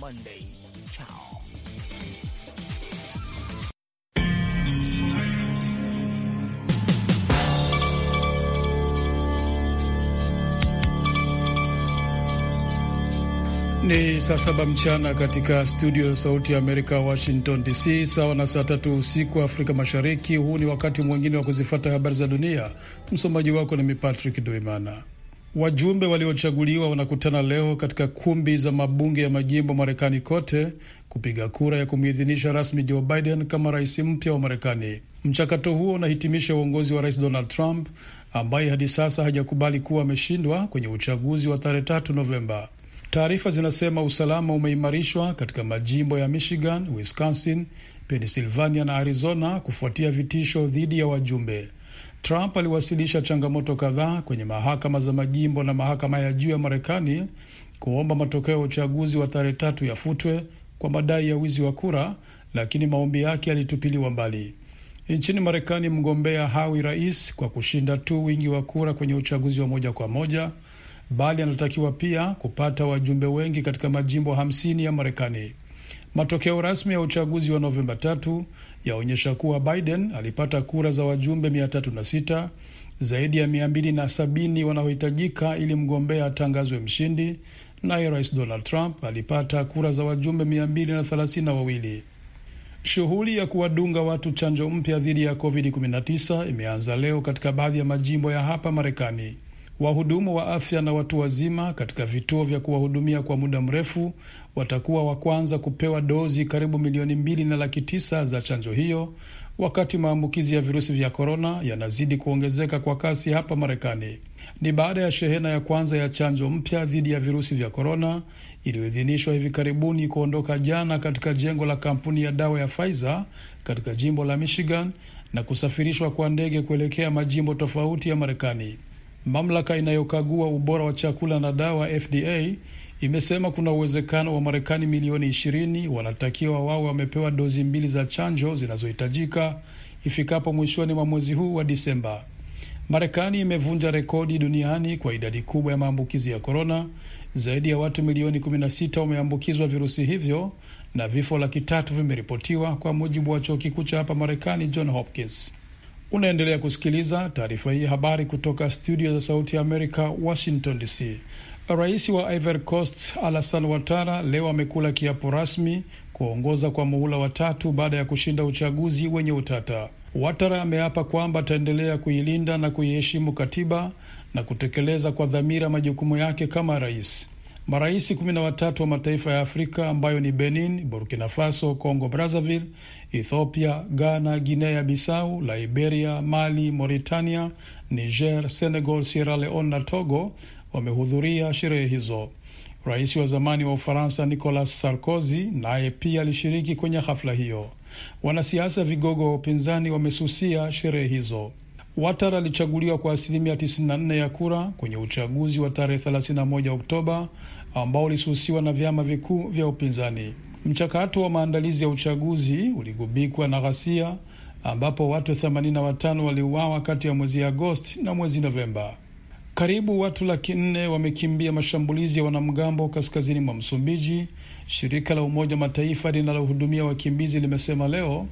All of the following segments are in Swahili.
Monday. Ciao. Ni saa saba mchana katika studio ya Sauti ya Amerika, Washington DC, sawa na saa tatu usiku Afrika Mashariki. Huu ni wakati mwingine wa kuzifata habari za dunia. Msomaji wako ni mi Patrick Duimana. Wajumbe waliochaguliwa wanakutana leo katika kumbi za mabunge ya majimbo Marekani kote kupiga kura ya kumwidhinisha rasmi Joe Biden kama rais mpya wa Marekani. Mchakato huo unahitimisha uongozi wa rais Donald Trump ambaye hadi sasa hajakubali kuwa ameshindwa kwenye uchaguzi wa tarehe tatu Novemba. Taarifa zinasema usalama umeimarishwa katika majimbo ya Michigan, Wisconsin, Pennsylvania na Arizona kufuatia vitisho dhidi ya wajumbe. Trump aliwasilisha changamoto kadhaa kwenye mahakama za majimbo na mahakama ya juu ya Marekani kuomba matokeo ya uchaguzi wa tarehe tatu yafutwe kwa madai ya wizi wa kura, lakini maombi yake yalitupiliwa mbali. Nchini Marekani, mgombea hawi rais kwa kushinda tu wingi wa kura kwenye uchaguzi wa moja kwa moja, bali anatakiwa pia kupata wajumbe wengi katika majimbo hamsini ya Marekani. Matokeo rasmi ya uchaguzi wa Novemba tatu yaonyesha kuwa Biden alipata kura za wajumbe mia tatu na sita zaidi ya mia mbili na sabini wanaohitajika ili mgombea atangazwe mshindi. Naye rais Donald Trump alipata kura za wajumbe mia mbili na thelathini na wawili. Shughuli ya kuwadunga watu chanjo mpya dhidi ya COVID-19 imeanza leo katika baadhi ya majimbo ya hapa Marekani. Wahudumu wa afya na watu wazima katika vituo vya kuwahudumia kwa muda mrefu watakuwa wa kwanza kupewa dozi karibu milioni mbili na laki tisa za chanjo hiyo, wakati maambukizi ya virusi vya korona yanazidi kuongezeka kwa kasi hapa Marekani. Ni baada ya shehena ya kwanza ya chanjo mpya dhidi ya virusi vya korona iliyoidhinishwa hivi karibuni kuondoka jana katika jengo la kampuni ya dawa ya Pfizer katika jimbo la Michigan na kusafirishwa kwa ndege kuelekea majimbo tofauti ya Marekani. Mamlaka inayokagua ubora wa chakula na dawa FDA imesema kuna uwezekano wa Marekani milioni ishirini wanatakiwa wawe wamepewa dozi mbili za chanjo zinazohitajika ifikapo mwishoni mwa mwezi huu wa Disemba. Marekani imevunja rekodi duniani kwa idadi kubwa ya maambukizi ya korona. Zaidi ya watu milioni 16 wameambukizwa virusi hivyo na vifo laki tatu vimeripotiwa, kwa mujibu wa chuo kikuu cha hapa Marekani John Hopkins. Unaendelea kusikiliza taarifa hii habari kutoka studio za Sauti ya Amerika, Washington DC. Rais wa Ivory Coast Alassane Ouattara leo amekula kiapo rasmi kuongoza kwa muhula wa tatu baada ya kushinda uchaguzi wenye utata. Ouattara ameapa kwamba ataendelea kuilinda na kuiheshimu katiba na kutekeleza kwa dhamira majukumu yake kama rais. Marais kumi na watatu wa mataifa ya Afrika ambayo ni Benin, Burkina Faso, Congo Brazzaville, Ethiopia, Ghana, Guinea Bissau, Liberia, Mali, Mauritania, Niger, Senegal, Sierra Leone na Togo wamehudhuria sherehe hizo. Rais wa zamani wa Ufaransa Nicolas Sarkozy naye pia alishiriki kwenye hafla hiyo. Wanasiasa vigogo wa upinzani wamesusia sherehe hizo. Watara alichaguliwa kwa asilimia 94 ya kura kwenye uchaguzi wa tarehe 31 Oktoba ambao ulisusiwa na vyama vikuu vya upinzani. Mchakato wa maandalizi ya uchaguzi uligubikwa na ghasia ambapo watu 85 waliuawa kati ya mwezi Agosti na mwezi Novemba. Karibu watu laki nne wamekimbia mashambulizi ya wanamgambo kaskazini mwa Msumbiji, shirika la Umoja Mataifa linalohudumia wakimbizi limesema leo,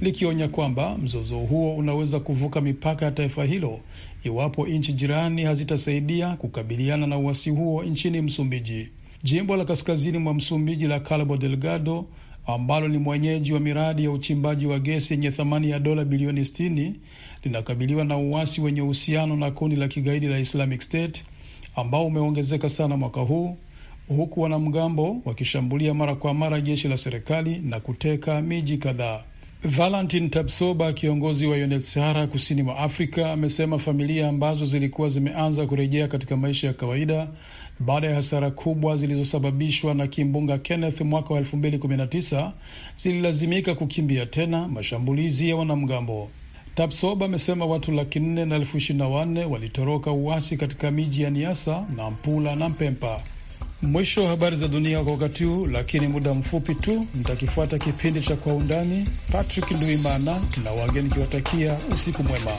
likionya kwamba mzozo huo unaweza kuvuka mipaka ya taifa hilo iwapo nchi jirani hazitasaidia kukabiliana na uasi huo nchini Msumbiji. Jimbo la kaskazini mwa Msumbiji la Cabo Delgado ambalo ni mwenyeji wa miradi ya uchimbaji wa gesi yenye thamani ya dola bilioni 60, linakabiliwa na uasi wenye uhusiano na kundi la kigaidi la Islamic State ambao umeongezeka sana mwaka huu huku wanamgambo wakishambulia mara kwa mara jeshi la serikali na kuteka miji kadhaa. Valentin Tabsoba, kiongozi wa UNHCR kusini mwa Afrika, amesema familia ambazo zilikuwa zimeanza kurejea katika maisha ya kawaida baada ya hasara kubwa zilizosababishwa na kimbunga Kenneth mwaka wa 2019 zililazimika kukimbia tena mashambulizi ya wanamgambo. Tabsoba amesema watu laki nne na elfu ishirini na walitoroka uasi katika miji ya Niasa na Mpula na Mpempa. Mwisho wa habari za dunia kwa wakati huu, lakini muda mfupi tu nitakifuata kipindi cha Kwa Undani. Patrick Nduimana na wageni kiwatakia usiku mwema.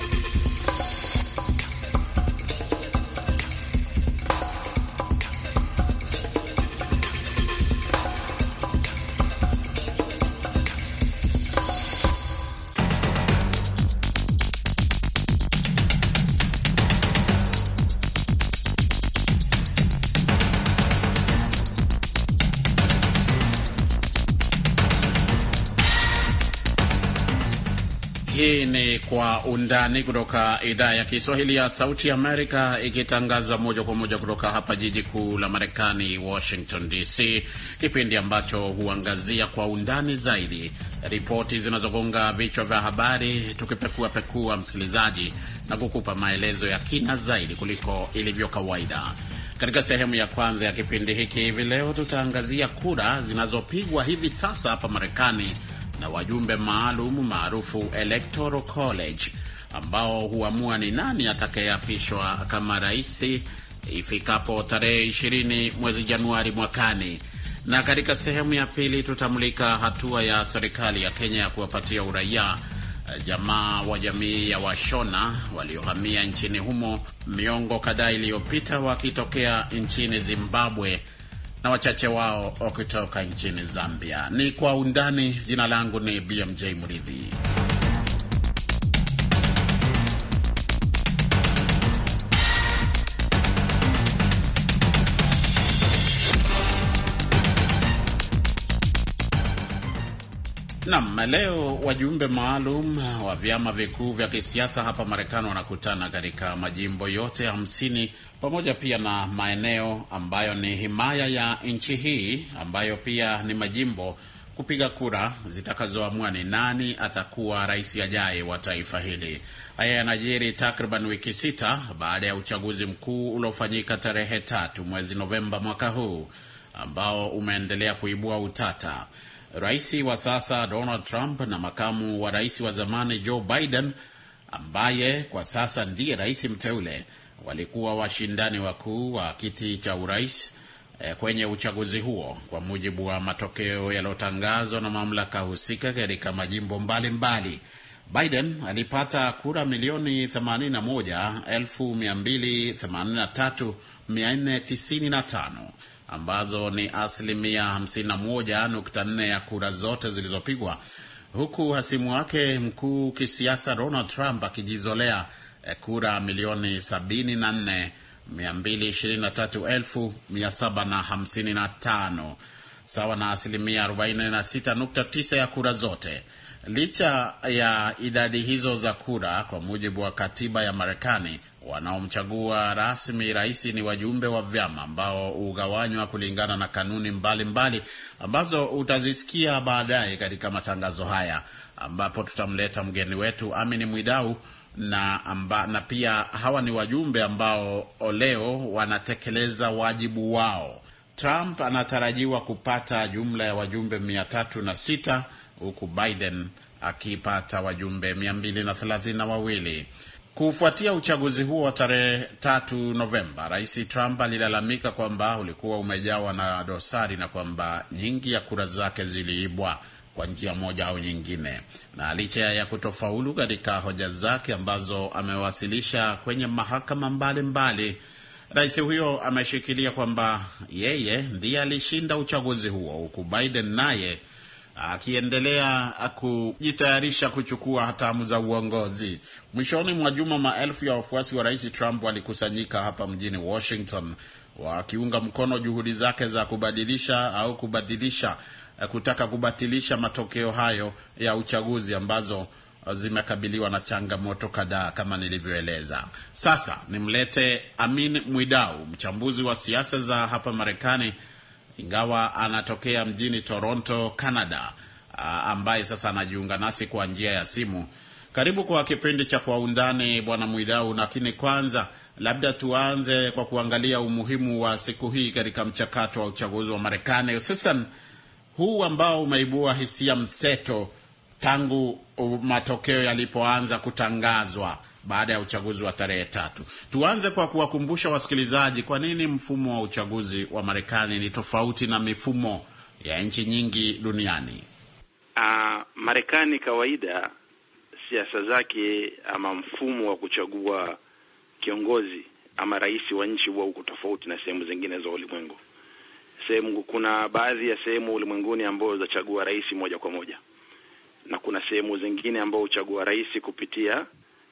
Undani kutoka idhaa ya Kiswahili ya Sauti Amerika, ikitangaza moja kwa moja kutoka hapa jiji kuu la Marekani, Washington DC, kipindi ambacho huangazia kwa undani zaidi ripoti zinazogonga vichwa vya habari, tukipekua pekua, msikilizaji, na kukupa maelezo ya kina zaidi kuliko ilivyo kawaida. Katika sehemu ya kwanza ya kipindi hiki hivi leo, tutaangazia kura zinazopigwa hivi sasa hapa Marekani na wajumbe maalum maarufu Electoral College ambao huamua ni nani atakayeapishwa kama raisi ifikapo tarehe 20 mwezi Januari mwakani. Na katika sehemu ya pili tutamulika hatua ya serikali ya Kenya ya kuwapatia uraia eh, jamaa wa jamii ya Washona waliohamia nchini humo miongo kadhaa iliyopita wakitokea nchini Zimbabwe na wachache wao wakitoka nchini Zambia. Ni kwa undani. Jina langu ni BMJ Mridhi. Nam, leo wajumbe maalum wa vyama vikuu vya kisiasa hapa Marekani wanakutana katika majimbo yote hamsini pamoja pia na maeneo ambayo ni himaya ya nchi hii ambayo pia ni majimbo kupiga kura zitakazoamua ni nani atakuwa rais ajaye wa taifa hili. Haya yanajiri takriban wiki sita baada ya uchaguzi mkuu uliofanyika tarehe tatu mwezi Novemba mwaka huu ambao umeendelea kuibua utata. Rais wa sasa Donald Trump na makamu wa rais wa zamani Joe Biden ambaye kwa sasa ndiye rais mteule walikuwa washindani wakuu wa kiti cha urais eh, kwenye uchaguzi huo kwa mujibu wa matokeo yaliyotangazwa na mamlaka husika katika majimbo mbalimbali mbali. Biden alipata kura milioni 81,283,495 ambazo ni asilimia 51.4 ya kura zote zilizopigwa, huku hasimu wake mkuu kisiasa Donald Trump akijizolea eh, kura milioni 74,223,755 sawa na asilimia 46.9 ya kura zote. Licha ya idadi hizo za kura, kwa mujibu wa katiba ya Marekani, Wanaomchagua rasmi rais ni wajumbe wa vyama ambao hugawanywa kulingana na kanuni mbalimbali mbali, ambazo utazisikia baadaye katika matangazo haya ambapo tutamleta mgeni wetu Amini Mwidau na, amba, na pia hawa ni wajumbe ambao leo wanatekeleza wajibu wao. Trump anatarajiwa kupata jumla ya wajumbe mia tatu na sita huku Biden akipata wajumbe mia mbili na thelathini na wawili. Kufuatia uchaguzi huo wa tarehe tatu Novemba, Rais Trump alilalamika kwamba ulikuwa umejawa na dosari na kwamba nyingi ya kura zake ziliibwa kwa njia moja au nyingine. Na licha ya kutofaulu katika hoja zake ambazo amewasilisha kwenye mahakama mbalimbali, rais huyo ameshikilia kwamba yeye ndiye alishinda uchaguzi huo, huku Biden naye akiendelea kujitayarisha kuchukua hatamu za uongozi. Mwishoni mwa juma, maelfu ya wafuasi wa rais Trump walikusanyika hapa mjini Washington wakiunga mkono juhudi zake za kubadilisha au kubadilisha eh, kutaka kubatilisha matokeo hayo ya uchaguzi ambazo zimekabiliwa na changamoto kadhaa kama nilivyoeleza. Sasa nimlete Amin Mwidau, mchambuzi wa siasa za hapa Marekani ingawa anatokea mjini Toronto, Canada, ambaye sasa anajiunga nasi kwa njia ya simu. Karibu kwa kipindi cha Kwa Undani, Bwana Mwidau. Lakini kwanza, labda tuanze kwa kuangalia umuhimu wa siku hii katika mchakato wa uchaguzi wa Marekani, hususan huu ambao umeibua hisia mseto tangu matokeo yalipoanza kutangazwa baada ya uchaguzi wa tarehe tatu. Tuanze kwa kuwakumbusha wasikilizaji kwa nini mfumo wa uchaguzi wa Marekani ni tofauti na mifumo ya nchi nyingi duniani. Uh, Marekani kawaida siasa zake ama mfumo wa kuchagua kiongozi ama rais wa nchi huwa uko tofauti na sehemu zingine za ulimwengu. Sehemu kuna baadhi ya sehemu ulimwenguni ambayo zachagua rais moja kwa moja, na kuna sehemu zingine ambayo huchagua rais kupitia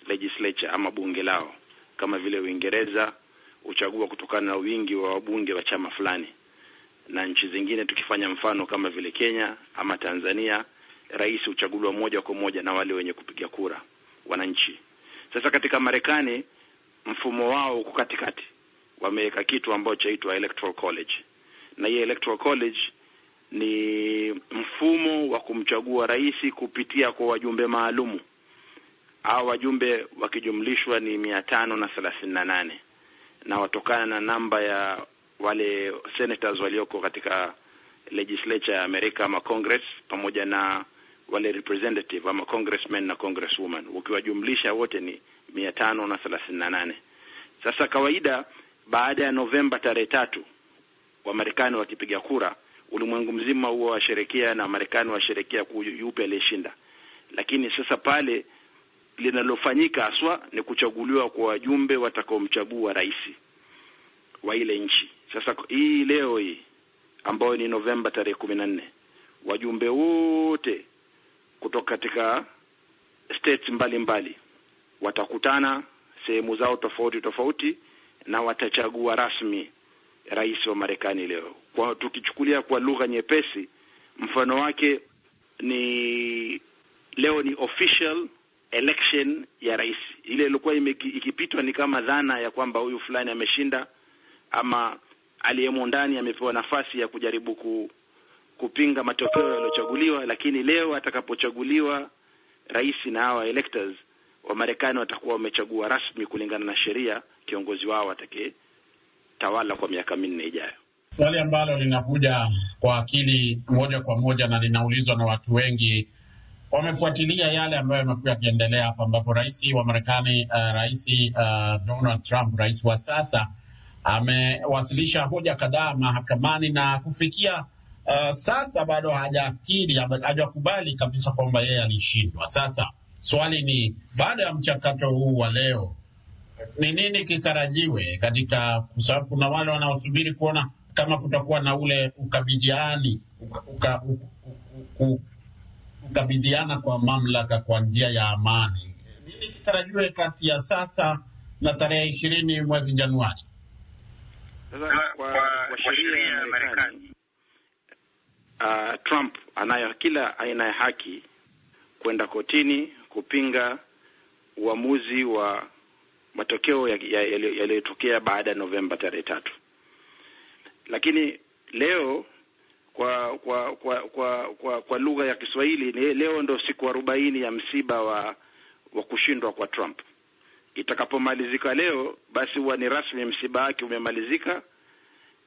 legislature ama bunge lao, kama vile Uingereza huchagua kutokana na wingi wa wabunge wa chama fulani, na nchi zingine tukifanya mfano kama vile Kenya ama Tanzania, rais huchaguliwa moja kwa moja na wale wenye kupiga kura, wananchi. Sasa katika Marekani mfumo wao uko katikati, wameweka kitu ambacho chaitwa Electoral College, na hii Electoral College ni mfumo wa kumchagua rais kupitia kwa wajumbe maalumu au wajumbe wakijumlishwa ni mia tano na thelathini na nane na watokana na namba ya wale senators walioko katika legislature ya Amerika ama Congress, pamoja na wale representative ama congressmen na congresswoman, ukiwajumlisha wote ni mia tano na thelathini na nane. Sasa kawaida, baada ya Novemba tarehe tatu, Wamarekani wakipiga kura, ulimwengu mzima huwa washerekea na Wamarekani washerekea kuyupe aliyeshinda, lakini sasa pale linalofanyika haswa ni kuchaguliwa kwa wajumbe watakaomchagua rais wa ile nchi. Sasa hii leo hii ambayo ni Novemba tarehe kumi na nne, wajumbe wote kutoka katika states mbalimbali mbali watakutana sehemu zao tofauti tofauti na watachagua rasmi rais wa Marekani leo. Kwa tukichukulia kwa lugha nyepesi, mfano wake ni leo ni official election ya rais. Ile ilikuwa ikipitwa ni kama dhana ya kwamba huyu fulani ameshinda ama aliyemo ndani amepewa nafasi ya kujaribu ku, kupinga matokeo yaliyochaguliwa. Lakini leo atakapochaguliwa rais na hawa electors wa Marekani watakuwa wamechagua rasmi kulingana na sheria kiongozi wao atakayetawala kwa miaka minne ijayo. Swali ambalo linakuja kwa akili moja kwa moja na linaulizwa na watu wengi wamefuatilia yale ambayo yamekuwa yakiendelea hapa, ambapo rais wa Marekani uh, rais uh, Donald Trump, rais wa sasa, amewasilisha hoja kadhaa mahakamani na kufikia uh, sasa bado hajakiri, hajakubali kabisa kwamba yeye alishindwa. Sasa swali ni baada ya mchakato huu wa leo ni nini kitarajiwe katika, kwa sababu kuna wale wanaosubiri kuona kama kutakuwa na ule ukabidiani uka, uka, uka, uka, uka, kukabidhiana kwa mamlaka kwa njia ya amani. Nini kitarajiwe kati ya sasa na tarehe ishirini mwezi Januari? Kwa sheria ya Marekani, uh, Trump anayo kila aina ya haki kwenda kotini kupinga uamuzi wa matokeo yaliyotokea ya, ya, ya baada ya Novemba tarehe tatu, lakini leo kwa kwa kwa kwa, kwa, kwa lugha ya Kiswahili, leo ndo siku arobaini ya msiba wa wa kushindwa kwa Trump. Itakapomalizika leo, basi huwa ni rasmi msiba wake umemalizika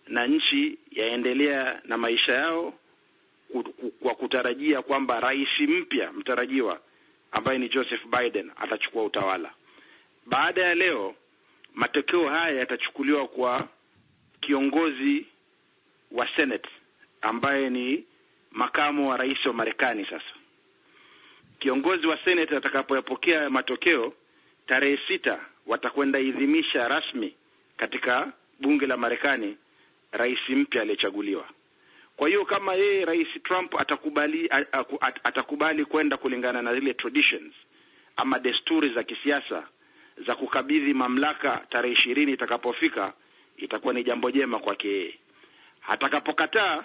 na nchi yaendelea na maisha yao kwa kutarajia kwamba rais mpya mtarajiwa ambaye ni Joseph Biden atachukua utawala. Baada ya leo, matokeo haya yatachukuliwa kwa kiongozi wa Senate ambaye ni makamu wa rais wa Marekani. Sasa kiongozi wa Senate atakapoyapokea matokeo tarehe sita, watakwenda idhimisha rasmi katika bunge la Marekani rais mpya aliyechaguliwa. Kwa hiyo kama yeye rais Trump atakubali, atakubali kwenda kulingana na zile traditions ama desturi za kisiasa za kukabidhi mamlaka tarehe ishirini itakapofika, itakuwa ni jambo jema kwake yeye. Atakapokataa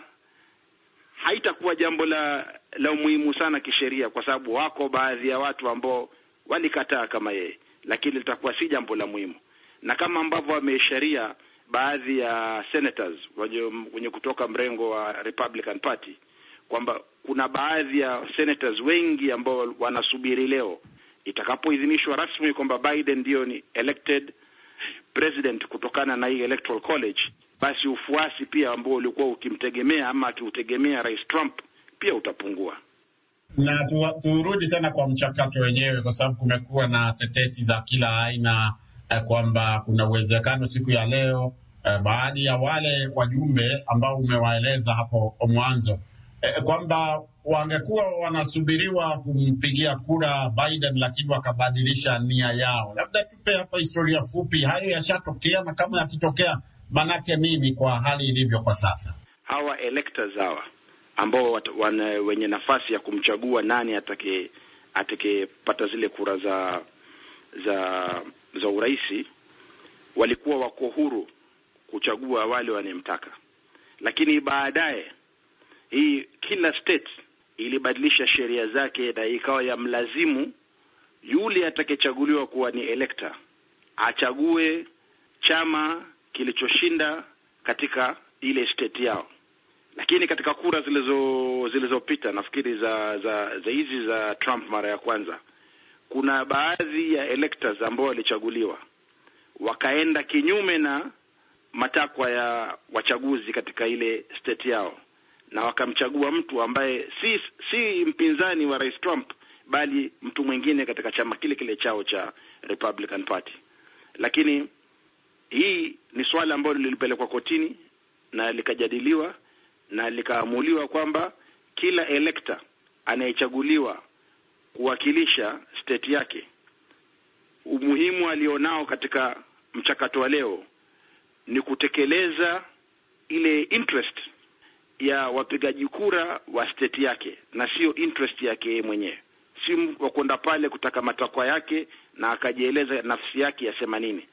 haitakuwa jambo la la umuhimu sana kisheria, kwa sababu wako baadhi ya watu ambao walikataa kama yeye, lakini litakuwa si jambo la muhimu, na kama ambavyo wamesharia baadhi ya senators wenye kutoka mrengo wa Republican Party kwamba kuna baadhi ya senators wengi ambao wanasubiri leo itakapoidhinishwa rasmi kwamba Biden ndio ni elected president kutokana na hii electoral college basi ufuasi pia ambao ulikuwa ukimtegemea ama akiutegemea Rais Trump pia utapungua na turudi sana kwa mchakato wenyewe, kwa sababu kumekuwa na tetesi za kila aina eh, kwamba kuna uwezekano siku ya leo eh, baadhi ya wale wajumbe ambao umewaeleza hapo mwanzo eh, kwamba wangekuwa wanasubiriwa kumpigia kura Biden, lakini wakabadilisha nia yao. Labda tupe hapa historia fupi, hayo yashatokea, na kama yakitokea Manake mimi kwa hali ilivyo kwa sasa, hawa electors hawa ambao wenye nafasi ya kumchagua nani atake atakepata zile kura za za za urais, walikuwa wako huru kuchagua wale wanemtaka, lakini baadaye hii kila state ilibadilisha sheria zake na ikawa ya mlazimu yule atakayechaguliwa kuwa ni elector achague chama kilichoshinda katika ile state yao, lakini katika kura zilizo zilizopita nafikiri za za za hizi za Trump mara ya kwanza, kuna baadhi ya electors ambao walichaguliwa wakaenda kinyume na matakwa ya wachaguzi katika ile state yao, na wakamchagua mtu ambaye si si mpinzani wa Rais Trump, bali mtu mwingine katika chama kile kile chao cha Republican Party, lakini hii ni swala ambalo lilipelekwa kotini na likajadiliwa na likaamuliwa kwamba kila elekta anayechaguliwa kuwakilisha state yake, umuhimu alionao katika mchakato wa leo ni kutekeleza ile interest ya wapigaji kura wa state yake na sio interest yake yeye mwenyewe, si wa kwenda pale kutaka matakwa yake na akajieleza nafsi yake yasema nini.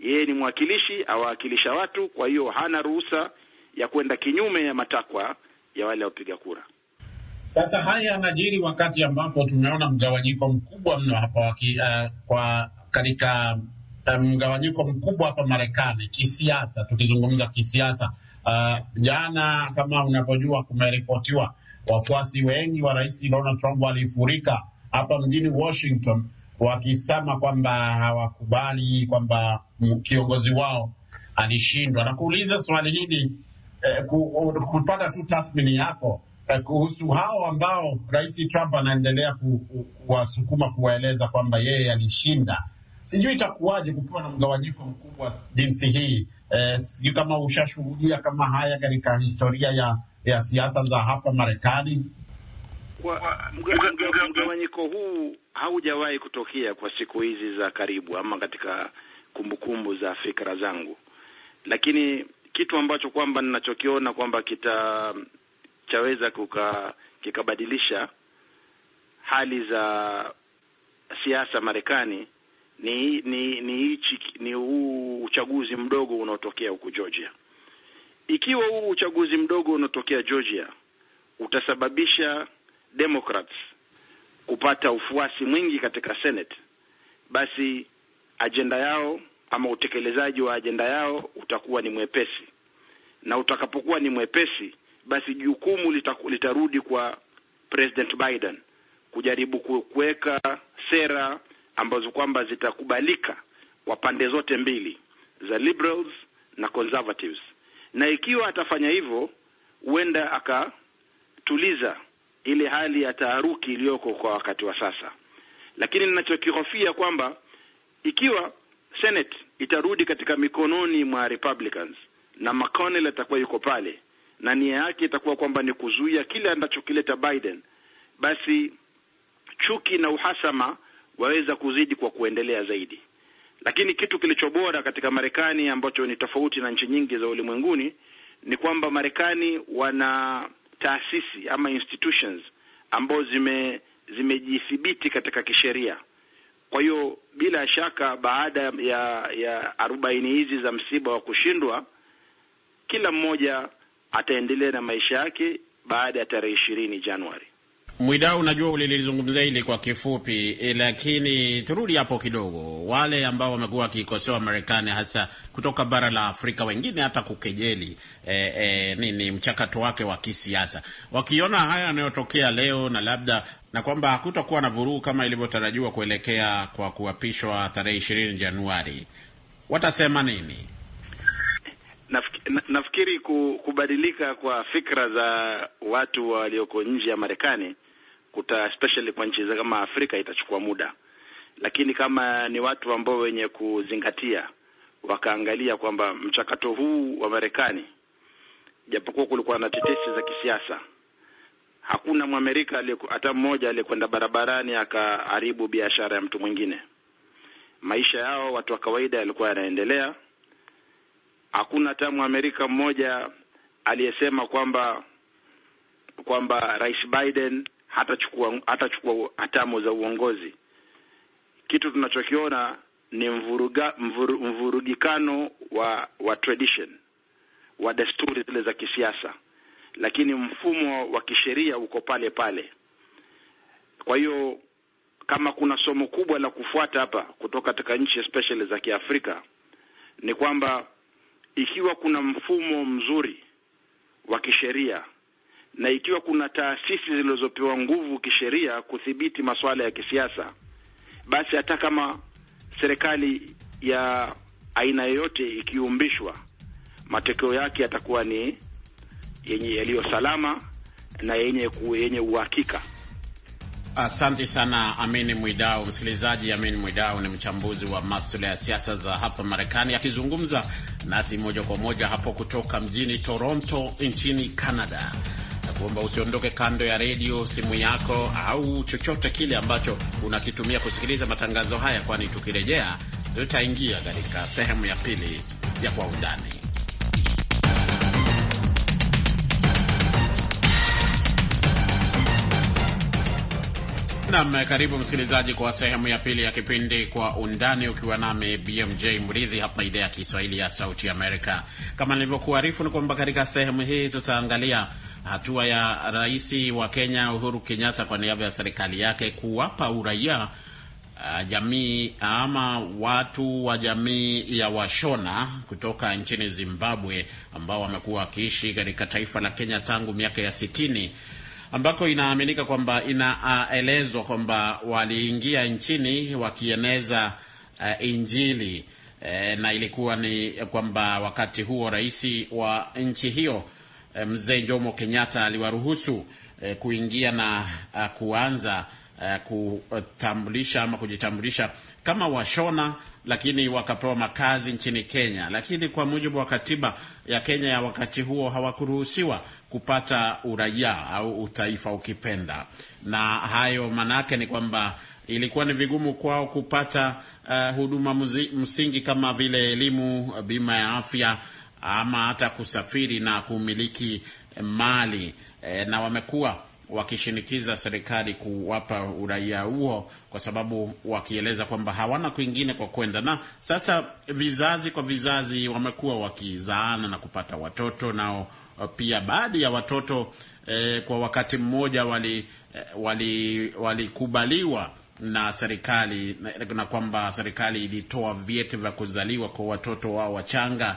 Yeye ni mwakilishi, awawakilisha watu, kwa hiyo hana ruhusa ya kwenda kinyume ya matakwa ya wale wapiga kura. Sasa haya yanajiri wakati ambapo tumeona mgawanyiko mkubwa mno hapa waki, uh, kwa katika eh, mgawanyiko um, mkubwa hapa Marekani kisiasa, tukizungumza kisiasa uh, jana kama unavyojua, kumeripotiwa wafuasi wengi wa Rais Donald Trump walifurika hapa mjini Washington wakisema kwamba hawakubali kwamba kiongozi wao alishindwa. Na kuuliza swali hili eh, kupata tu tathmini yako eh, kuhusu hao ambao Rais Trump anaendelea kuwasukuma kuwaeleza kwamba yeye alishinda. Sijui itakuwaje kukiwa na mgawanyiko mkubwa jinsi hii eh, sijui kama ushashuhudia kama haya katika historia ya, ya siasa za hapa Marekani mgawanyiko huu haujawahi kutokea kwa siku hizi za karibu, ama katika kumbukumbu za fikra zangu, lakini kitu ambacho kwamba ninachokiona kwamba kita chaweza kuka, kikabadilisha hali za siasa Marekani ni ni ni hichi ni huu uchaguzi mdogo unaotokea huku Georgia. Ikiwa huu uchaguzi mdogo unaotokea Georgia utasababisha Democrats kupata ufuasi mwingi katika Senate, basi ajenda yao ama utekelezaji wa ajenda yao utakuwa ni mwepesi, na utakapokuwa ni mwepesi, basi jukumu litarudi kwa President Biden kujaribu kuweka sera ambazo kwamba zitakubalika kwa pande zote mbili za liberals na conservatives, na ikiwa atafanya hivyo, huenda akatuliza ile hali ya taharuki iliyoko kwa wakati wa sasa. Lakini ninachokihofia kwamba ikiwa Senate itarudi katika mikononi mwa Republicans na McConnell atakuwa yuko pale na nia yake itakuwa kwamba ni kuzuia kile anachokileta Biden, basi chuki na uhasama waweza kuzidi kwa kuendelea zaidi. Lakini kitu kilicho bora katika Marekani ambacho ni tofauti na nchi nyingi za ulimwenguni ni kwamba Marekani wana taasisi ama institutions ambazo zime zimejithibiti katika kisheria. Kwa hiyo bila shaka, baada ya ya arobaini hizi za msiba wa kushindwa, kila mmoja ataendelea na maisha yake baada ya tarehe ishirini Januari. Mwidau, unajua ulilizungumzia hili kwa kifupi, eh, lakini turudi hapo kidogo. Wale ambao wamekuwa wakiikosoa Marekani hasa kutoka bara la Afrika, wengine hata kukejeli e, e, nini mchakato wake wa kisiasa, wakiona haya yanayotokea leo na labda na kwamba hakutakuwa na vurugu kama ilivyotarajiwa kuelekea kwa kuapishwa tarehe ishirini Januari, watasema nini? Nafikiri kubadilika kwa fikra za watu walioko nje ya Marekani kuta especially kwa nchi kama Afrika itachukua muda, lakini kama ni watu ambao wenye kuzingatia wakaangalia kwamba mchakato huu wa Marekani, japokuwa kulikuwa na tetesi za kisiasa, hakuna Mwamerika hata mmoja aliyekwenda barabarani akaharibu biashara ya mtu mwingine. Maisha yao watu wa kawaida yalikuwa yanaendelea. Hakuna hata Mwamerika mmoja aliyesema kwamba kwamba Rais Biden hatachukua hatachukua hatamu za uongozi. Kitu tunachokiona ni mvuruga, mvur, mvurugikano wa wa tradition wa desturi zile za kisiasa, lakini mfumo wa kisheria uko pale pale. Kwa hiyo kama kuna somo kubwa la kufuata hapa kutoka katika nchi especially za Kiafrika ni kwamba ikiwa kuna mfumo mzuri wa kisheria na ikiwa kuna taasisi zilizopewa nguvu kisheria kudhibiti masuala ya kisiasa, basi hata kama serikali ya aina yoyote ikiumbishwa, matokeo yake yatakuwa ni yenye yaliyo salama na yenye yenye uhakika. Asante sana Amin Mwidau. Msikilizaji, Amin Mwidau ni mchambuzi wa maswala ya siasa za hapa Marekani, akizungumza nasi moja kwa moja hapo kutoka mjini Toronto nchini Canada kuomba usiondoke kando ya redio, simu yako au chochote kile ambacho unakitumia kusikiliza matangazo haya, kwani tukirejea tutaingia katika sehemu ya pili ya Kwa Undani. Nam, karibu msikilizaji kwa sehemu ya pili ya kipindi Kwa Undani, ukiwa nami BMJ Mridhi hapa idhaa ya Kiswahili ya Sauti Amerika. Kama nilivyokuarifu, ni kwamba katika sehemu hii tutaangalia hatua ya rais wa Kenya Uhuru Kenyatta kwa niaba ya serikali yake kuwapa uraia uh, jamii ama watu wa jamii ya Washona kutoka nchini Zimbabwe ambao wamekuwa wakiishi katika taifa la Kenya tangu miaka ya sitini ambako inaaminika kwamba inaelezwa kwamba waliingia nchini wakieneza uh, Injili e, na ilikuwa ni kwamba wakati huo rais wa nchi hiyo Eh, mzee Jomo Kenyatta aliwaruhusu eh, kuingia na uh, kuanza uh, kutambulisha ama kujitambulisha kama Washona, lakini wakapewa makazi nchini Kenya. Lakini kwa mujibu wa katiba ya Kenya ya wakati huo hawakuruhusiwa kupata uraia au utaifa ukipenda, na hayo manake ni kwamba ilikuwa ni vigumu kwao kupata uh, huduma msingi kama vile elimu, bima ya afya ama hata kusafiri na kumiliki mali e, na wamekuwa wakishinikiza serikali kuwapa uraia huo, kwa sababu wakieleza kwamba hawana kwingine kwa kwenda. Na sasa vizazi kwa vizazi wamekuwa wakizaana na kupata watoto nao pia baadhi ya watoto e, kwa wakati mmoja wali e, wali walikubaliwa na serikali na, na kwamba serikali ilitoa vyeti vya kuzaliwa kwa watoto wao wachanga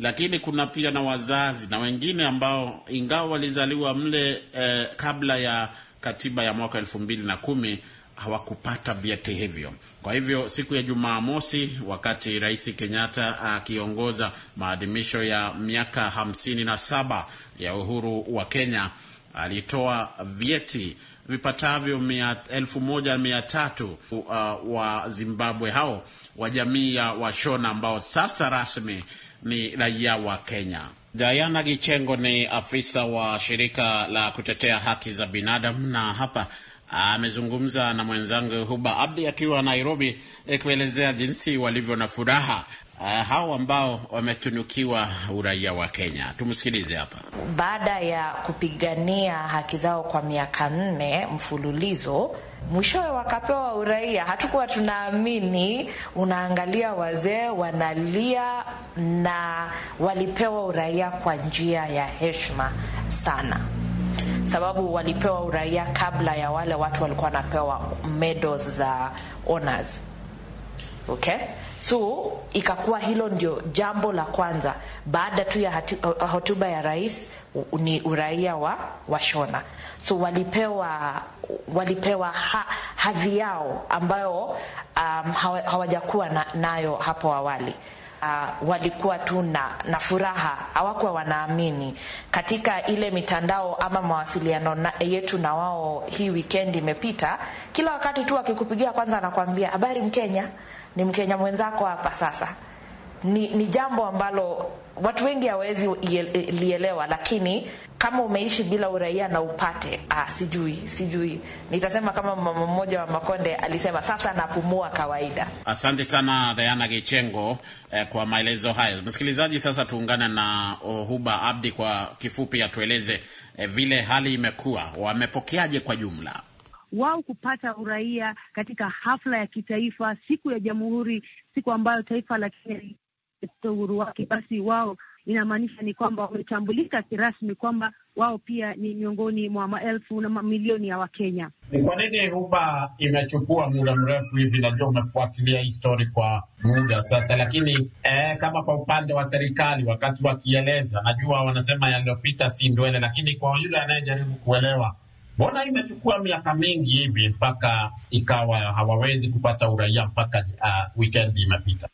lakini kuna pia na wazazi na wengine ambao ingawa walizaliwa mle eh, kabla ya katiba ya mwaka elfu mbili na kumi hawakupata vyeti hivyo. Kwa hivyo siku ya Jumamosi, wakati Rais Kenyatta akiongoza maadhimisho ya miaka hamsini na saba ya uhuru wa Kenya alitoa vyeti vipatavyo elfu moja mia tatu uh, wa Zimbabwe hao wa jamii ya Washona ambao sasa rasmi ni raia wa Kenya. Diana Gichengo ni afisa wa shirika la kutetea haki za binadamu na hapa amezungumza na mwenzangu Huba Abdi akiwa Nairobi eh, kuelezea jinsi walivyo na furaha eh, hao ambao wametunukiwa uraia wa Kenya. Tumsikilize hapa. Baada ya kupigania haki zao kwa miaka nne mfululizo Mwishowe wakapewa uraia. Hatukuwa tunaamini, unaangalia wazee wanalia na walipewa uraia kwa njia ya heshima sana, sababu walipewa uraia kabla ya wale watu walikuwa wanapewa medals za honors. Okay? So ikakuwa hilo ndio jambo la kwanza baada tu ya uh, uh, hotuba ya rais, ni uraia wa Washona. So walipewa, walipewa ha, hadhi yao ambayo um, hawajakuwa na, nayo hapo awali. Uh, walikuwa tu na, na furaha, hawakuwa wanaamini. Katika ile mitandao ama mawasiliano na, yetu na wao hii wikendi imepita, kila wakati tu wakikupigia kwanza anakuambia habari Mkenya ni Mkenya mwenzako hapa sasa. Ni, ni jambo ambalo watu wengi hawawezi lielewa, lakini kama umeishi bila uraia na upate ah, sijui sijui nitasema kama mama mmoja wa Makonde alisema sasa napumua kawaida. Asante sana Diana Gichengo eh, kwa maelezo hayo. Msikilizaji, sasa tuungane na Huba Abdi kwa kifupi atueleze eh, vile hali imekuwa, wamepokeaje kwa jumla wao kupata uraia katika hafla ya kitaifa siku ya Jamhuri, siku ambayo taifa la Kenya uhuru wake, basi wao inamaanisha ni kwamba wametambulika kirasmi kwamba wao pia ni miongoni mwa maelfu na mamilioni ya Wakenya. Ni kwa nini Uba imechukua muda mrefu hivi? Najua umefuatilia hii stori kwa muda sasa, lakini eh, kama kwa upande wa serikali, wakati wakieleza, najua wanasema yaliyopita si ndwele, lakini kwa yule anayejaribu kuelewa Mbona imechukua miaka mingi hivi mpaka ikawa hawawezi kupata uraia mpaka uh, weekend imepita?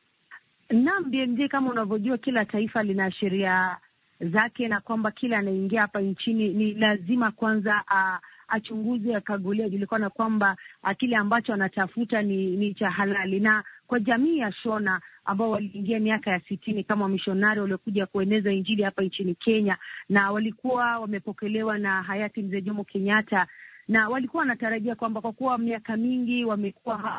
Naam, BMJ, kama unavyojua kila taifa lina sheria zake na kwamba kila anaingia hapa nchini ni lazima kwanza a, uh, achunguze akagulie, ajulikana kwamba uh, kile ambacho anatafuta ni, ni cha halali. Na kwa jamii ya Shona ambao waliingia miaka ya sitini kama wamishonari waliokuja kueneza Injili hapa nchini Kenya, na walikuwa wamepokelewa na hayati Mzee Jomo Kenyatta na walikuwa wanatarajia kwamba kwa kuwa miaka mingi wamekuwa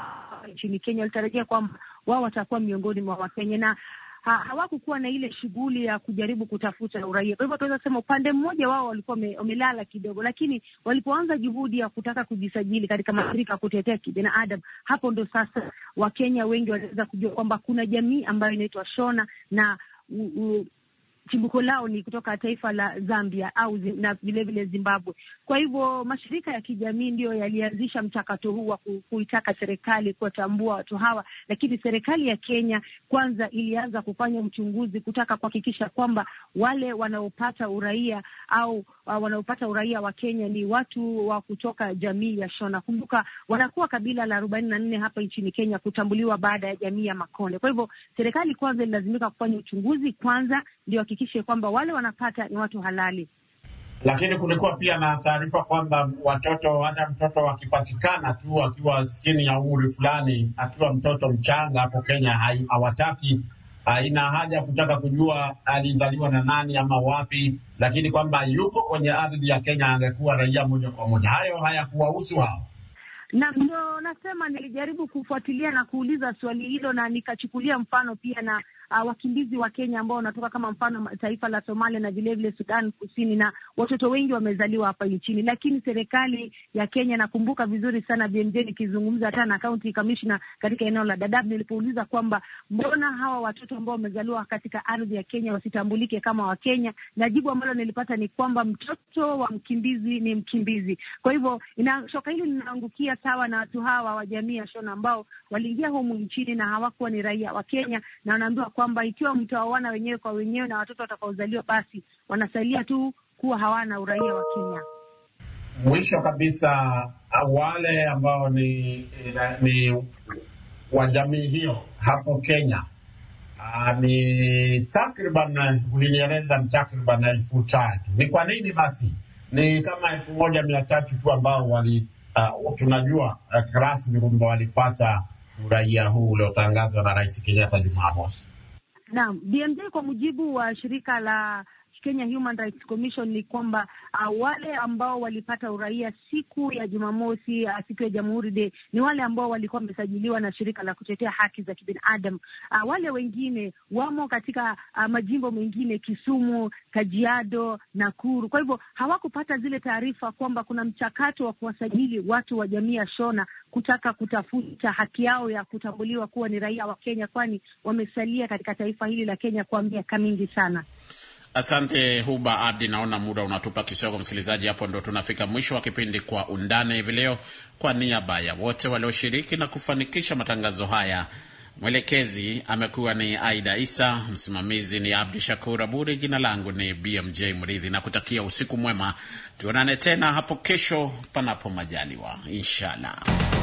nchini Kenya, walitarajia kwamba wao watakuwa miongoni mwa Wakenya na ha, hawakukuwa na ile shughuli ya kujaribu kutafuta uraia. Kwa hivyo tunaweza kusema upande mmoja wao walikuwa wamelala kidogo, lakini walipoanza juhudi ya kutaka kujisajili katika mashirika ya kutetea kibinadamu, hapo ndo sasa Wakenya wengi wanaweza kujua kwamba kuna jamii ambayo inaitwa Shona na U, u, chimbuko lao ni kutoka taifa la Zambia au zi, na vilevile Zimbabwe. Kwa hivyo mashirika ya kijamii ndiyo yalianzisha mchakato huu wa kuitaka serikali kuwatambua watu hawa, lakini serikali ya Kenya kwanza ilianza kufanya uchunguzi kutaka kuhakikisha kwamba wale wanaopata uraia au uh, wanaopata uraia wa Kenya ni watu wa kutoka jamii ya Shona. Kumbuka wanakuwa kabila la arobaini na nne hapa nchini Kenya kutambuliwa baada ya jamii ya Makonde. Kwa hivyo serikali kwanza ililazimika kufanya uchunguzi kwanza ndio wahakikishe kwamba wale wanapata ni watu halali. Lakini kulikuwa pia na taarifa kwamba watoto, hata mtoto wakipatikana tu akiwa chini ya umri fulani, akiwa mtoto mchanga hapo Kenya hawataki haina haja kutaka kujua alizaliwa na nani ama wapi, lakini kwamba yupo kwenye ardhi ya Kenya, angekuwa raia moja kwa moja. Hayo hayakuwahusu hao. Naam, ndio nasema nilijaribu kufuatilia na kuuliza swali hilo, na nikachukulia mfano pia na uh, wakimbizi wa Kenya ambao wanatoka kama mfano taifa la Somalia na vilevile Sudan Kusini, na watoto wengi wamezaliwa hapa nchini. Lakini serikali ya Kenya, nakumbuka vizuri sana BMJ, nikizungumza hata na kaunti kamishna katika eneo la Dadab, nilipouliza kwamba mbona hawa watoto ambao wamezaliwa katika ardhi ya Kenya wasitambulike kama Wakenya, na jibu ambalo nilipata ni kwamba mtoto wa mkimbizi ni mkimbizi. Kwa hivyo shoka hili linaangukia sawa na watu hawa wa jamii ya Shona ambao waliingia humu nchini na hawakuwa ni raia wa Kenya na wanaambiwa kwamba ikiwa mtaoana wenyewe kwa wenyewe na watoto watakaozaliwa, basi wanasalia tu kuwa hawana uraia wa Kenya. Mwisho kabisa, ah, wale ambao ni, eh, ni wa jamii hiyo hapo Kenya ah, ni takriban eh, ulinieleza ni takriban elfu tatu. Ni kwa nini basi ni kama elfu moja mia tatu tu ambao wali uh, tunajua uh, rasmi kwamba walipata uraia huu uliotangazwa na Rais Kenyatta Jumamosi. Naam, BMJ, kwa mujibu wa shirika la Kenya Human Rights Commission ni kwamba uh, wale ambao walipata uraia siku ya Jumamosi uh, siku ya Jamhuri Day ni wale ambao walikuwa wamesajiliwa na shirika la kutetea haki za kibinadamu. Uh, wale wengine wamo katika uh, majimbo mengine Kisumu, Kajiado, Nakuru. Kwa hivyo hawakupata zile taarifa kwamba kuna mchakato wa kuwasajili watu wa jamii ya Shona kutaka kutafuta haki yao ya kutambuliwa kuwa ni raia wa Kenya, kwani wamesalia katika taifa hili la Kenya kwa miaka mingi sana. Asante Huba Abdi, naona muda unatupa kisogo, msikilizaji. Hapo ndo tunafika mwisho wa kipindi Kwa Undani hivi leo. Kwa niaba ya wote walioshiriki na kufanikisha matangazo haya, mwelekezi amekuwa ni Aida Isa, msimamizi ni Abdi Shakur Aburi, jina langu ni BMJ Mridhi na kutakia usiku mwema. Tuonane tena hapo kesho, panapo majaliwa, inshallah.